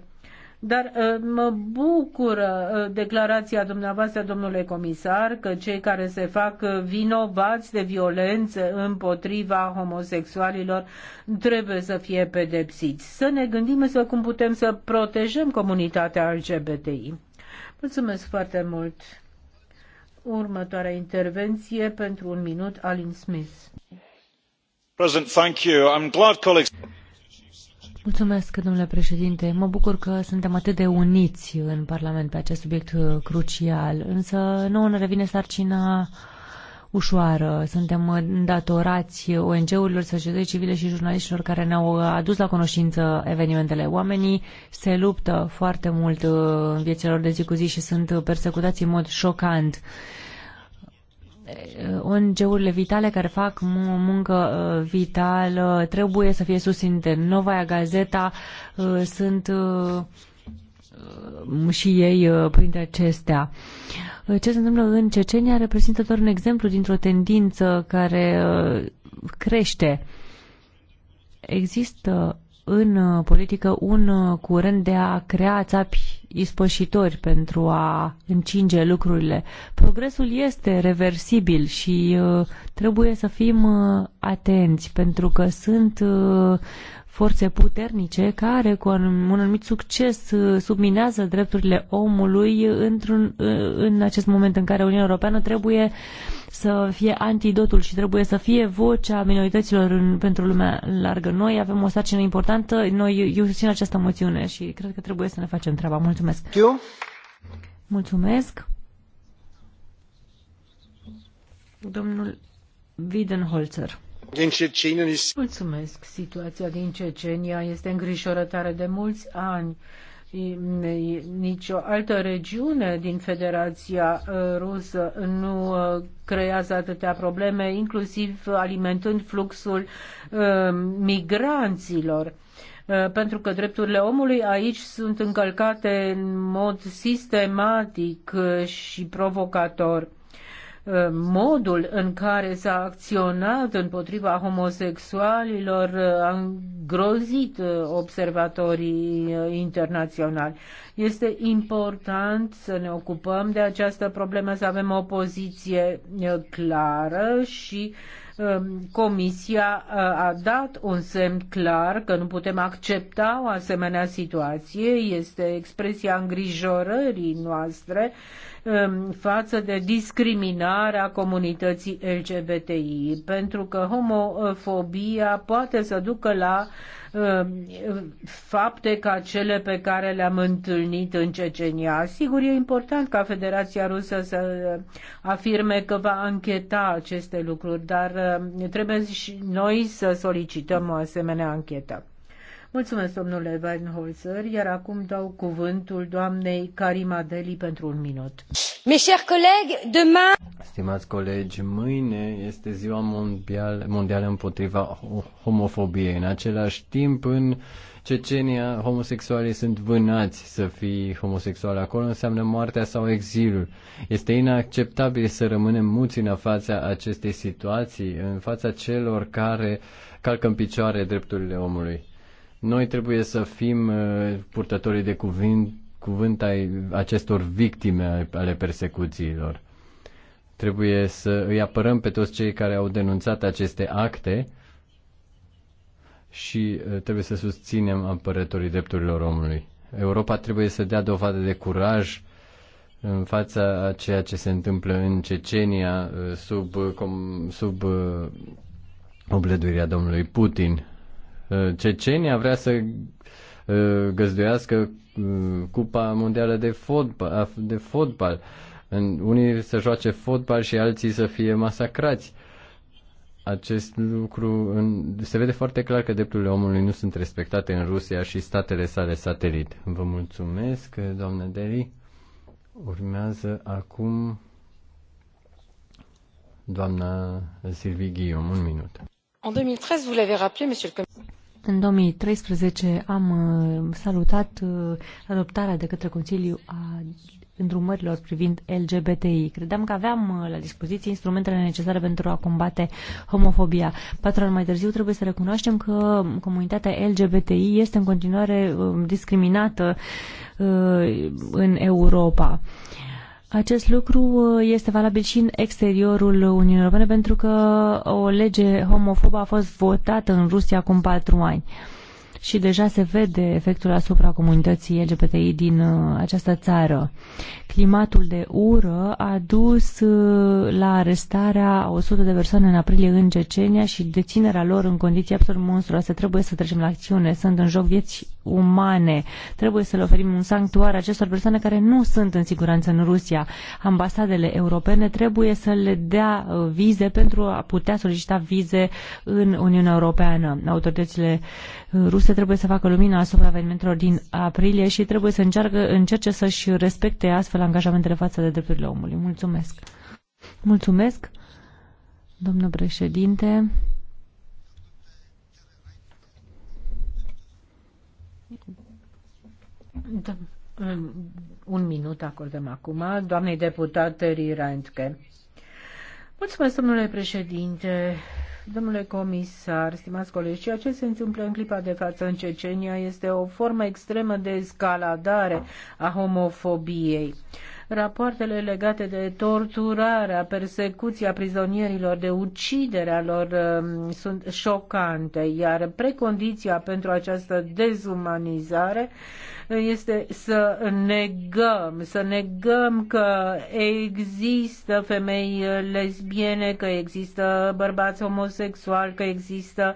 Dar uh, mă bucură uh, declarația dumneavoastră, domnule comisar, că cei care se fac uh, vinovați de violențe împotriva homosexualilor trebuie să fie pedepsiți. Să ne gândim să cum putem să protejăm comunitatea LGBTI. Mulțumesc foarte mult. Următoarea intervenție pentru un minut, Alin Smith. President, thank you. I'm glad colleagues... Mulțumesc, domnule președinte. Mă bucur că suntem atât de uniți în Parlament pe acest subiect uh, crucial, însă nouă ne revine sarcina ușoară. Suntem îndatorați ONG-urilor, societății civile și jurnaliștilor care ne-au adus la cunoștință evenimentele. Oamenii se luptă foarte mult uh, în lor de zi cu zi și sunt persecutați în mod șocant. Uh, ONG-urile vitale care fac muncă uh, vitală trebuie să fie susținute. Novaia Gazeta uh, sunt uh, și ei printre acestea. Ce se întâmplă în Cecenia reprezintă doar un exemplu dintr-o tendință care crește. Există în uh, politică un uh, curent de a crea țapi ispășitori pentru a încinge lucrurile. Progresul este reversibil și uh, trebuie să fim atenți pentru că sunt forțe puternice care cu un anumit succes subminează drepturile omului într-un, în acest moment în care Uniunea Europeană trebuie să fie antidotul și trebuie să fie vocea minorităților în, pentru lumea largă. Noi avem o sarcină importantă, noi eu susțin această moțiune și cred că trebuie să ne facem treaba. Mulțumesc! Eu? Mulțumesc! Domnul Widenholzer. Mulțumesc. Situația din Cecenia este îngrijorătoare de mulți ani. Nicio altă regiune din Federația uh, Rusă nu uh, creează atâtea probleme, inclusiv alimentând fluxul uh, migranților pentru că drepturile omului aici sunt încălcate în mod sistematic și provocator. Uh, modul în care s-a acționat împotriva homosexualilor uh, a îngrozit uh, observatorii internaționali. Este important să ne ocupăm de această problemă, să avem o poziție clară și um, Comisia a dat un semn clar că nu putem accepta o asemenea situație, este expresia îngrijorării noastre Um, față de discriminarea comunității LGBTI, pentru că homofobia poate să ducă la um, fapte ca cele pe care le-am întâlnit în Cecenia. Sigur, e important ca Federația Rusă să afirme că va ancheta aceste lucruri, dar um, trebuie și noi să solicităm o asemenea anchetă. Mulțumesc, domnule Weinholzer, iar acum dau cuvântul doamnei Karima Deli pentru un minut. Mes chers collègues, demain... Stimați colegi, mâine este ziua mondială împotriva homofobiei. În același timp, în Cecenia, homosexualii sunt vânați să fii homosexual. Acolo înseamnă moartea sau exilul. Este inacceptabil să rămânem muți în fața acestei situații, în fața celor care calcă în picioare drepturile omului. Noi trebuie să fim uh, purtătorii de cuvânt, cuvânt ai acestor victime ale persecuțiilor. Trebuie să îi apărăm pe toți cei care au denunțat aceste acte și uh, trebuie să susținem apărătorii drepturilor omului. Europa trebuie să dea dovadă de curaj în fața a ceea ce se întâmplă în Cecenia uh, sub, sub oblăduirea domnului Putin. Cecenia vrea să uh, găzduiască uh, Cupa Mondială de Fotbal. De fotbal. Unii să joace fotbal și alții să fie masacrați. Acest lucru se vede foarte clar că drepturile omului nu sunt respectate în Rusia și statele sale satelit. Vă mulțumesc, doamnă Deli. Urmează acum doamna Sylvie Guillaume, un minut. În 2013, vous l'avez rappelé, monsieur le în 2013 am uh, salutat uh, adoptarea de către Consiliu a îndrumărilor privind LGBTI. Credeam că aveam uh, la dispoziție instrumentele necesare pentru a combate homofobia. Patru ani mai târziu trebuie să recunoaștem că comunitatea LGBTI este în continuare um, discriminată în Europa. Acest lucru uh, este valabil și în exteriorul Uniunii Europene pentru că uh, o lege homofobă a fost votată în Rusia acum patru ani și deja se vede efectul asupra comunității LGBTI din uh, această țară. Climatul de ură a dus la arestarea a 100 de persoane în aprilie în Cecenia și deținerea lor în condiții absolut monstruoase. Trebuie să trecem la acțiune. Sunt în joc vieți umane. Trebuie să le oferim un sanctuar acestor persoane care nu sunt în siguranță în Rusia. Ambasadele europene trebuie să le dea uh, vize pentru a putea solicita vize în Uniunea Europeană. Autoritățile uh, ruse trebuie să facă lumina asupra evenimentelor din aprilie și trebuie să încearcă, încerce să-și respecte astfel angajamentele față de drepturile omului. Mulțumesc! Mulțumesc, domnul președinte! Da. Un minut acordăm acum doamnei deputate Rirantke. Mulțumesc, domnule președinte, domnule comisar, stimați colegi. Ceea ce se întâmplă în clipa de față în Cecenia este o formă extremă de escaladare a homofobiei. Uh, Rapoartele legate de torturarea, persecuția prizonierilor, de uciderea lor um, sunt șocante, iar precondiția pentru această dezumanizare este să negăm, să negăm că există femei lesbiene, că există bărbați homosexuali, că există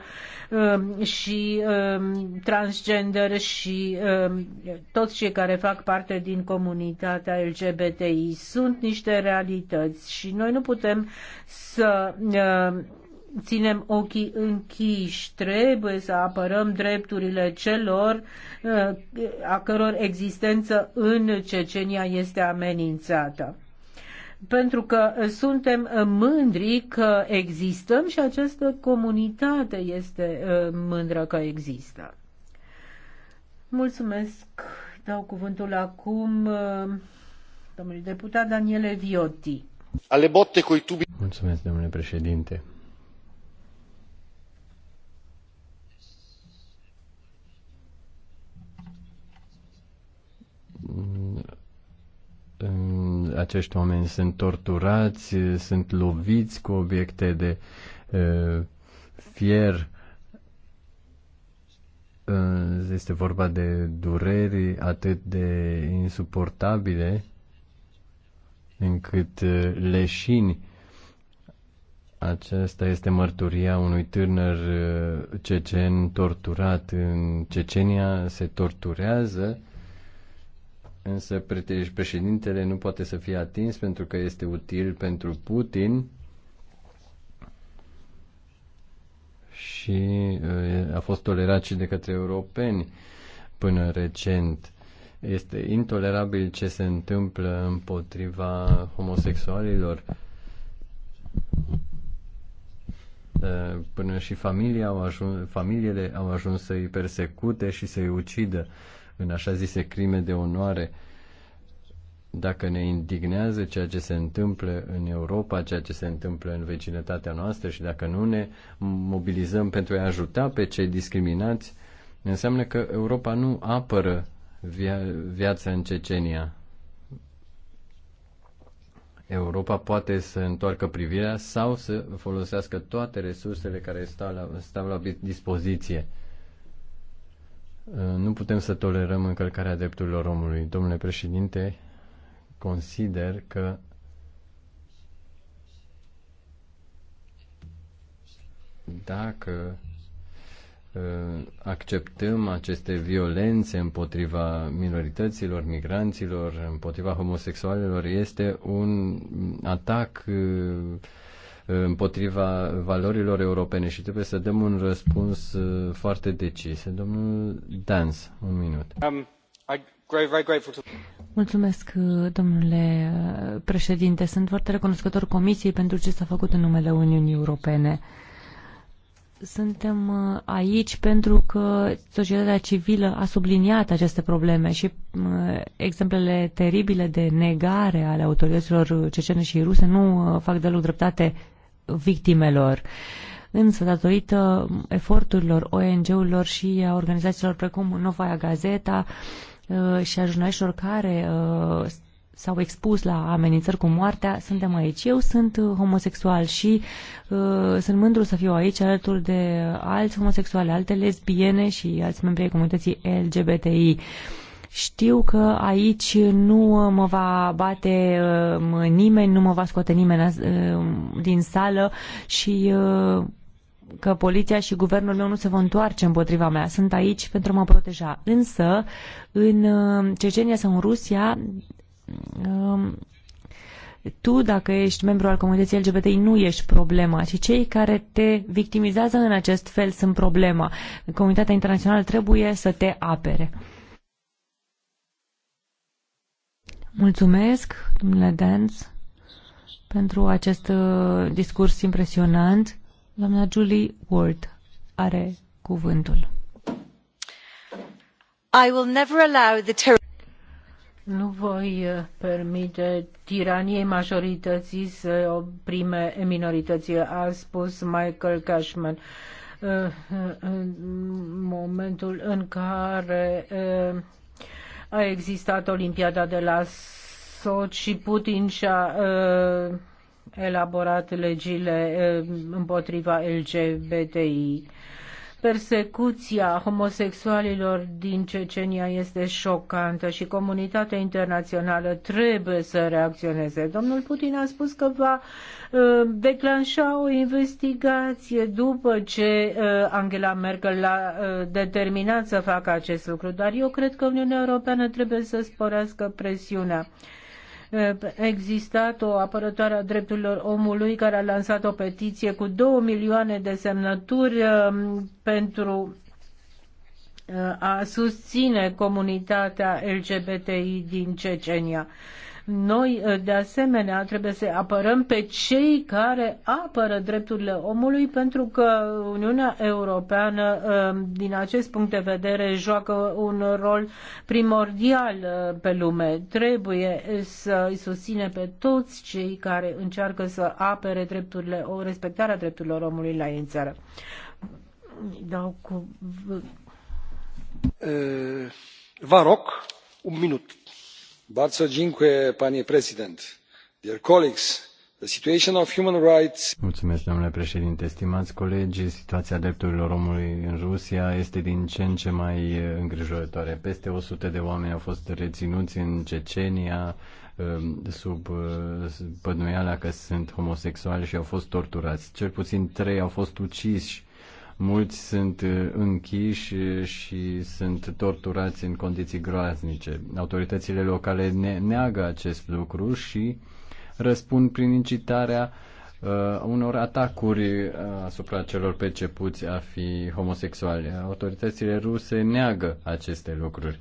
um, și um, transgender și um, toți cei care fac parte din comunitatea LGBT. LGBTI sunt niște realități și noi nu putem să uh, ținem ochii închiși, trebuie să apărăm drepturile celor uh, a căror existență în Cecenia este amenințată. Pentru că suntem mândri că existăm și această comunitate este uh, mândră că există. Mulțumesc. Dau cuvântul acum domnului deputat Daniele Viotti. Ale botte cu tubi. Mulțumesc, domnule președinte. Mm, acești oameni sunt torturați, sunt loviți cu obiecte de uh, fier. Uh, este vorba de dureri atât de insuportabile încât uh, leșini. Aceasta este mărturia unui tânăr uh, cecen torturat. În Cecenia se torturează, însă președintele nu poate să fie atins pentru că este util pentru Putin și uh, a fost tolerat și de către europeni până recent este intolerabil ce se întâmplă împotriva homosexualilor. Ă, până și familia au ajuns, familiile au ajuns să-i persecute și să-i ucidă în așa zise crime de onoare. Dacă ne indignează ceea ce se întâmplă în Europa, ceea ce se întâmplă în vecinătatea noastră și dacă nu ne mobilizăm pentru a ajuta pe cei discriminați, înseamnă că Europa nu apără via- viața în Cecenia. Europa poate să întoarcă privirea sau să folosească toate resursele care stau la, stau la dispoziție. Uh, nu putem să tolerăm încălcarea drepturilor omului. Domnule președinte, consider că dacă Ă, acceptăm aceste violențe împotriva minorităților, migranților, împotriva homosexualilor, este un atac ă, împotriva valorilor europene și trebuie să dăm un răspuns ă, foarte decis. Domnul Dans, un minut. Um, I... Mulțumesc, domnule președinte. Sunt foarte recunoscător Comisiei pentru ce s-a făcut în numele Uniunii Europene. Suntem uh, aici pentru că societatea civilă a subliniat aceste probleme și uh, exemplele teribile de negare ale autorităților cecene și ruse nu uh, fac deloc dreptate victimelor. Însă, datorită eforturilor ONG-urilor și a organizațiilor precum Novaia Gazeta și a jurnaliștilor care s-au expus la amenințări cu moartea, suntem aici. Eu sunt uh, homosexual și uh, sunt mândru să fiu aici alături de alți homosexuali, alte lesbiene și alți membri ai comunității LGBTI. Știu că aici nu uh, mă va bate uh, nimeni, nu mă va scoate nimeni uh, din sală și uh, că poliția și guvernul meu nu se vor întoarce împotriva mea. Sunt aici pentru a mă proteja. Însă, în uh, Cecenia sau în Rusia, Um, tu, dacă ești membru al comunității LGBTI, nu ești problema, ci cei care te victimizează în acest fel sunt problema. Comunitatea internațională trebuie să te apere. Mulțumesc, domnule Dens, pentru acest uh, discurs impresionant. Doamna Julie Ward are cuvântul. I will never allow the terror. Nu voi uh, permite tiraniei majorității să oprime minorității, a spus Michael Cashman. Uh, uh, în momentul în care a existat Olimpiada de la Sochi și Putin și-a elaborat legile împotriva LGBTI Persecuția homosexualilor din Cecenia este șocantă și comunitatea internațională trebuie să reacționeze. Domnul Putin a spus că va uh, declanșa o investigație după ce uh, Angela Merkel l-a uh, determinat să facă acest lucru, dar eu cred că Uniunea Europeană trebuie să sporească presiunea. Eh, existat o apărătoare a drepturilor omului care a lansat o petiție cu 2 milioane de semnături eh, pentru eh, a susține comunitatea LGBTI din Cecenia. Noi, ă, de asemenea, trebuie să apărăm pe cei care apără drepturile omului, pentru că Uniunea Europeană, ă, din acest punct de vedere, joacă un rol primordial ă, pe lume. Trebuie să îi susține pe toți cei care încearcă să apere drepturile, o respectarea drepturilor omului la ei în țară. Dau cu... Vă rog, un minut domnule președinte stimați colegi situația drepturilor omului în rusia este din ce în ce mai eh, îngrijorătoare. peste o sută de oameni au fost reținuți în cecenia ehm, sub bănuiala eh, că sunt homosexuali și au fost torturați. Cel puțin trei au fost uciși Mulți sunt uh, închiși și sunt torturați în condiții groaznice. Autoritățile locale ne- neagă acest lucru și răspund prin incitarea uh, unor atacuri uh, asupra celor percepuți a fi homosexuali. Autoritățile ruse neagă aceste lucruri.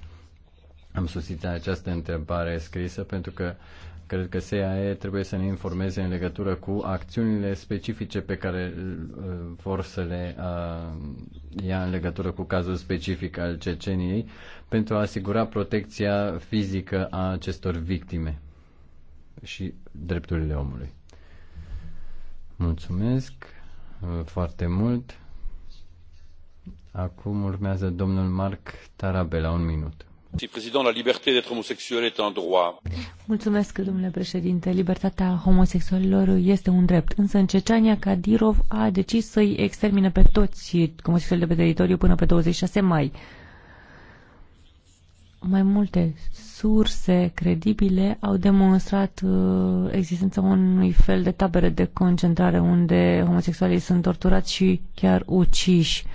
Am susținut această întrebare scrisă pentru că uh, Cred că SAE trebuie să ne informeze în legătură cu acțiunile specifice pe care uh, vor să le uh, ia în legătură cu cazul specific al Ceceniei pentru a asigura protecția fizică a acestor victime și drepturile omului. Mulțumesc uh, foarte mult. Acum urmează domnul Marc Tarabela, un minut domnule președinte. Libertatea homosexualilor este un drept. Însă în Cecenia, Kadirov a decis să-i extermine pe toți homosexualii de pe teritoriu până pe 26 mai. Mai multe surse credibile au demonstrat uh, existența unui fel de tabere de concentrare unde homosexualii sunt torturați și chiar uciși. Uh,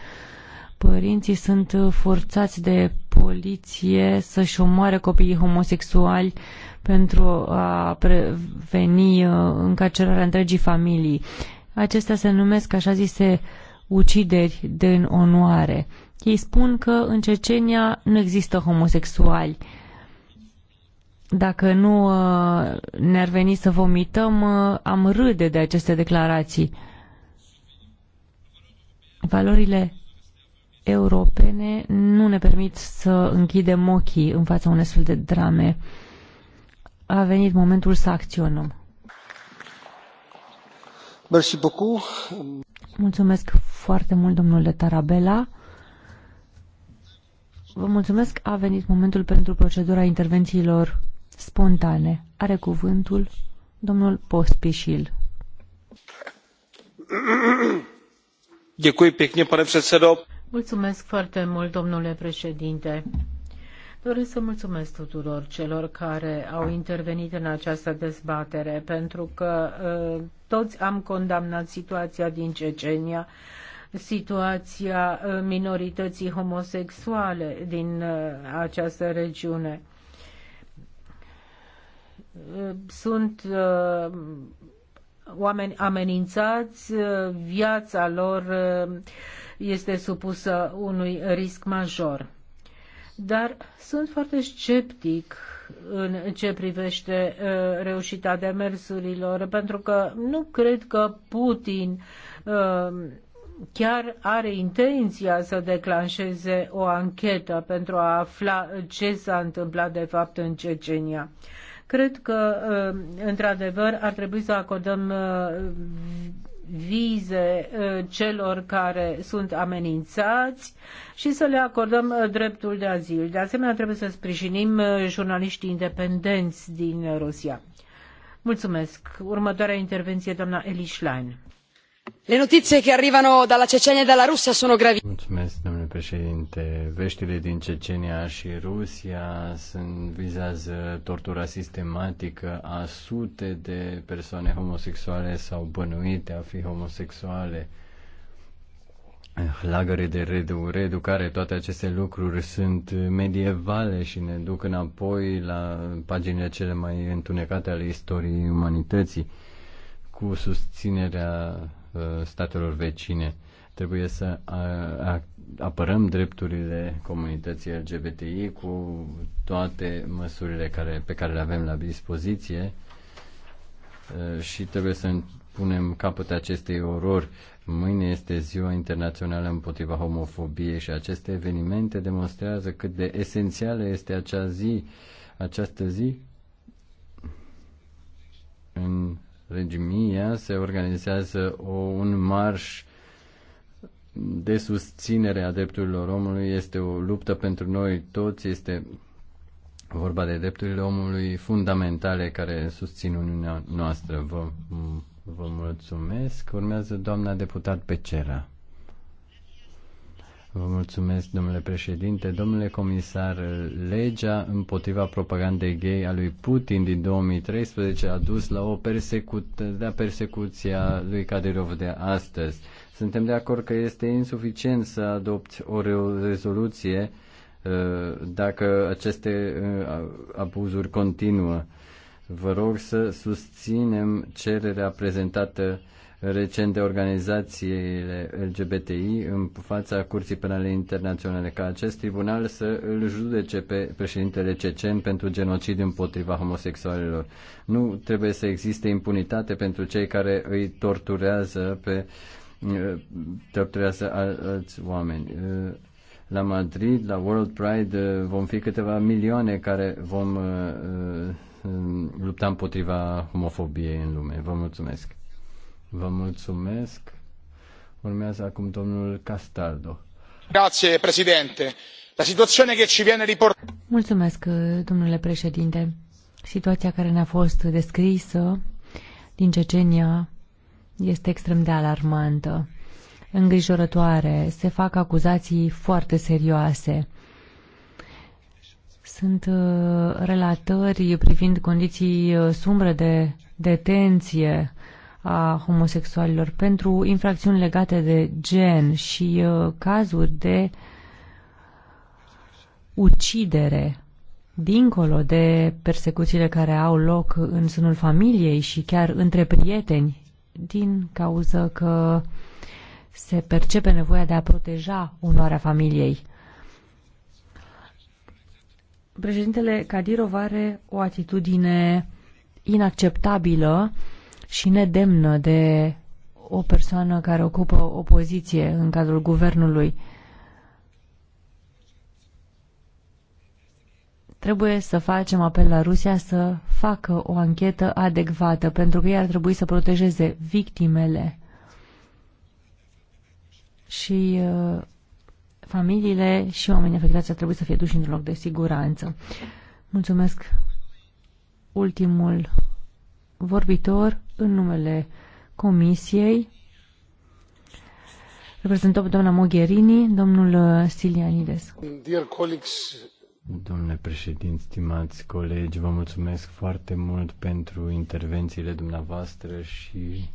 părinții sunt uh, forțați de poliție să-și omoare copiii homosexuali pentru a preveni uh, încarcerarea întregii familii. Acestea se numesc, așa zise, ucideri din onoare. Ei spun că în Cecenia nu există homosexuali. Dacă nu uh, ne-ar veni să vomităm, am râde de aceste declarații. Valorile europene nu ne permit să închidem ochii în fața unei astfel de drame. A venit momentul să acționăm. Merci beaucoup. Mulțumesc foarte mult, domnule Tarabella. Vă mulțumesc. A venit momentul pentru procedura intervențiilor spontane. Are cuvântul domnul Pospișil. Děkuji pěkně, pane předsedo. Mulțumesc foarte mult, domnule președinte. Doresc să mulțumesc tuturor celor care au intervenit în această dezbatere, pentru că ă, toți am condamnat situația din Cecenia, situația ă, minorității homosexuale din ă, această regiune. sunt oameni amenințați, viața lor este supusă unui risc major. Dar sunt foarte sceptic în ce privește uh, reușita demersurilor, pentru că nu cred că Putin uh, chiar are intenția să declanșeze o anchetă pentru a afla ce s-a întâmplat de fapt în Cecenia. Cred că, uh, într-adevăr, ar trebui să acordăm vize uh, celor care sunt amenințați și să le acordăm uh, dreptul de azil. De asemenea, trebuie să sprijinim uh, jurnaliștii independenți din Rusia. Mulțumesc. Următoarea intervenție, doamna Eli Schlein. Le notizie che arrivano dalla Cecenia e dalla Russia sono gravi. Mulțumesc, domnule președinte. Veștile din Cecenia și Rusia sunt, vizează tortura sistematică a sute de persoane homosexuale sau bănuite a fi homosexuale lagăre de redu- reeducare, toate aceste lucruri sunt medievale și ne duc înapoi la paginile cele mai întunecate ale istoriei umanității. Cu susținerea Uh, statelor vecine. Trebuie să uh, apărăm drepturile comunității LGBTI cu toate măsurile care, pe care le avem la dispoziție uh, și trebuie să punem capăt acestei orori. Mâine este ziua internațională împotriva homofobiei și aceste evenimente demonstrează cât de esențială este acea zi, această zi în Regimia se organizează o, un marș de susținere a drepturilor omului, este o luptă pentru noi toți, este vorba de drepturile omului fundamentale care susțin Uniunea noastră. Vă, vă mulțumesc. Urmează doamna deputat Pecera. Vă mulțumesc, domnule președinte. Domnule comisar, legea împotriva propagandei gay a lui Putin din 2013 a dus la o persecut- la persecuția lui Kadyrov de astăzi. Suntem de acord că este insuficient să adopți o rezoluție uh, dacă aceste uh, abuzuri continuă. Vă rog să susținem cererea prezentată recente organizațiile LGBTI în fața Curții Penale Internaționale ca acest tribunal să îl judece pe președintele Cecen pentru genocid împotriva homosexualilor. Nu trebuie să existe impunitate pentru cei care îi torturează pe torturează al, alți oameni. La Madrid, la World Pride, vom fi câteva milioane care vom uh, uh, lupta împotriva homofobiei în lume. Vă mulțumesc! Vă mulțumesc. Urmează acum domnul Castaldo. Grazie, președinte. La situazione care ci viene riportata. Mulțumesc, domnule președinte. Situația care ne-a fost descrisă din Cecenia este extrem de alarmantă, îngrijorătoare. Se fac acuzații foarte serioase. Sunt uh, relatări privind condiții uh, sumbre de detenție, a homosexualilor, pentru infracțiuni legate de gen și uh, cazuri de ucidere, dincolo de persecuțiile care au loc în sânul familiei și chiar între prieteni, din cauza că se percepe nevoia de a proteja onoarea familiei. Președintele Kadirov are o atitudine inacceptabilă și nedemnă de o persoană care ocupă o poziție în cadrul guvernului. Trebuie să facem apel la Rusia să facă o anchetă adecvată, pentru că ei ar trebui să protejeze victimele și uh, familiile și oamenii afectați ar trebui să fie duși într-un loc de siguranță. Mulțumesc ultimul vorbitor, în numele Comisiei reprezentăm doamna Mogherini, domnul uh, Silianides. Dear colleagues, Domnule președinte, stimați colegi, vă mulțumesc foarte mult pentru intervențiile dumneavoastră și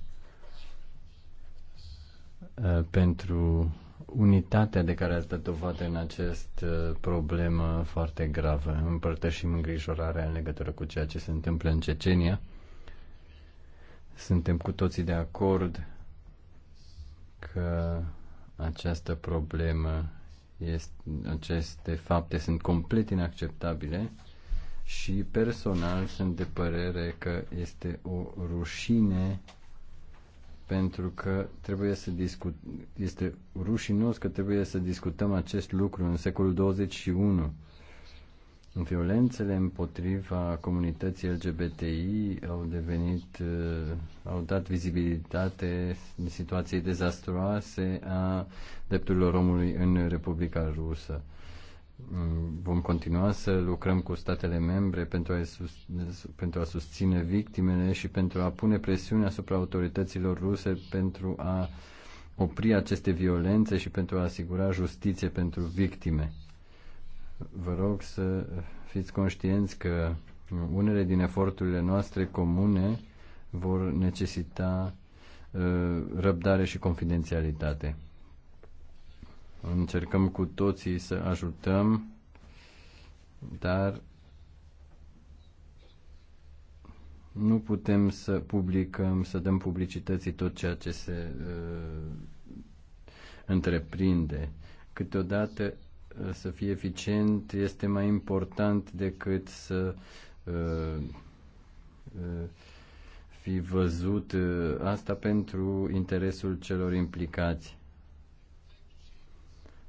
uh, pentru unitatea de care ați dat dovadă în acest problemă foarte gravă. Împărtășim îngrijorarea în legătură cu ceea ce se întâmplă în Cecenia suntem cu toții de acord că această problemă, este, aceste fapte sunt complet inacceptabile și personal sunt de părere că este o rușine pentru că trebuie să discut, este rușinos că trebuie să discutăm acest lucru în secolul 21 Violențele împotriva comunității LGBTI au devenit, uh, au dat vizibilitate situației dezastruoase a drepturilor omului în Republica Rusă. Mm, vom continua să lucrăm cu statele membre pentru a, sus pentru a susține victimele și pentru a pune presiune asupra autorităților ruse pentru a opri aceste violențe și pentru a asigura justiție pentru victime Vă rog să fiți conștienți că unele din eforturile noastre comune vor necesita uh, răbdare și confidențialitate. Încercăm cu toții să ajutăm, dar nu putem să publicăm, să dăm publicității tot ceea ce se uh, întreprinde. Câteodată să fie eficient este mai important decât să uh, uh, fi văzut uh, asta pentru interesul celor implicați.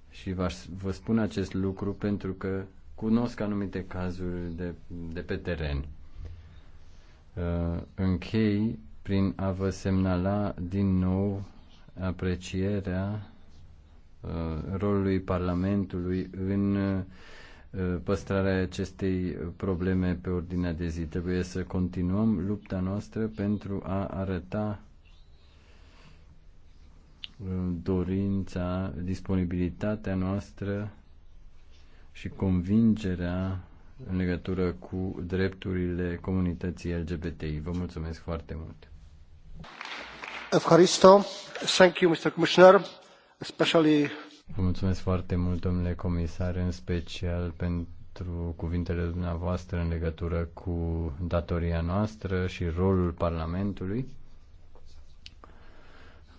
Și vă spun acest lucru pentru că cunosc anumite cazuri de, de pe teren. Uh, închei prin a vă semnala din nou aprecierea Uh, rolului Parlamentului în uh, păstrarea acestei probleme pe ordinea de zi. Trebuie să continuăm lupta noastră pentru a arăta uh, dorința, disponibilitatea noastră și convingerea în legătură cu drepturile comunității LGBTI. Vă mulțumesc foarte mult! Thank you, Mr. Commissioner especially... Vă mulțumesc foarte mult, domnule comisar, în special pentru cuvintele dumneavoastră în legătură cu datoria noastră și rolul Parlamentului.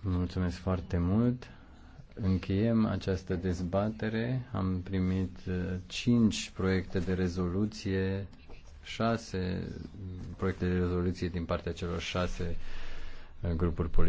Mulțumesc foarte mult. Încheiem această dezbatere. Am primit uh, cinci proiecte de rezoluție, șase proiecte de rezoluție din partea celor șase uh, grupuri politice.